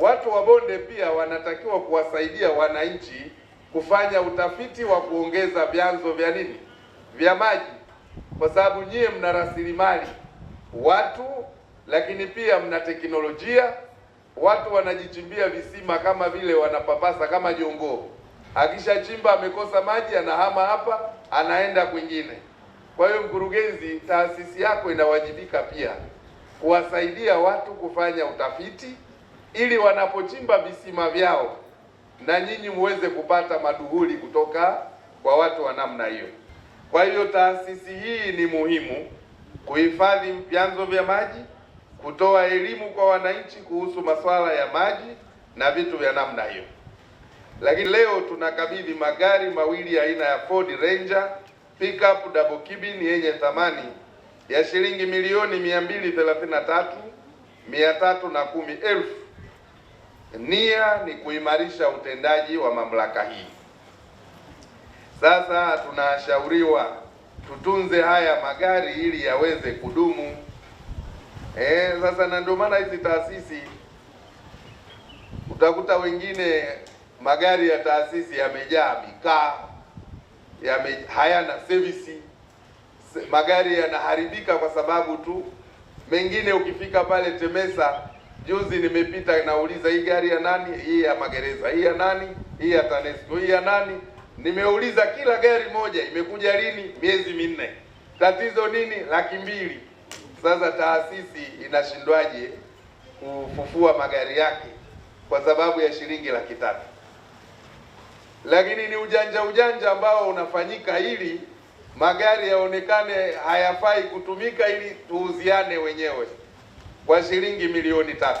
Watu wa bonde pia wanatakiwa kuwasaidia wananchi kufanya utafiti wa kuongeza vyanzo vya nini vya maji, kwa sababu nyie mna rasilimali watu, lakini pia mna teknolojia. Watu wanajichimbia visima kama vile wanapapasa kama jongoo, akishachimba amekosa maji, anahama hapa, anaenda kwingine. Kwa hiyo, mkurugenzi, taasisi yako inawajibika pia kuwasaidia watu kufanya utafiti ili wanapochimba visima vyao na nyinyi muweze kupata maduhuli kutoka kwa watu wa namna hiyo. Kwa hiyo taasisi hii ni muhimu kuhifadhi vyanzo vya maji, kutoa elimu kwa wananchi kuhusu masuala ya maji na vitu vya namna hiyo. Lakini leo tunakabidhi magari mawili aina ya Ford Ranger pickup double cabin yenye thamani ya shilingi milioni mia mbili thelathini na tatu mia tatu na kumi elfu Nia ni kuimarisha utendaji wa mamlaka hii. Sasa tunashauriwa tutunze haya magari ili yaweze kudumu. E, sasa na ndio maana hizi taasisi utakuta wengine magari ya taasisi yamejaa mikaa yame, hayana service, magari yanaharibika kwa sababu tu, mengine ukifika pale Temesa Juzi nimepita nauliza, hii gari ya nani? Hii ya magereza, hii ya nani? Hii ya TANESCO, hii ya nani? Nimeuliza kila gari moja, imekuja lini? Miezi minne. Tatizo nini? Laki mbili. Sasa taasisi inashindwaje kufufua magari yake kwa sababu ya shilingi laki tatu? Lakini ni ujanja ujanja ambao unafanyika ili magari yaonekane hayafai kutumika ili tuuziane wenyewe wa shilingi milioni tatu.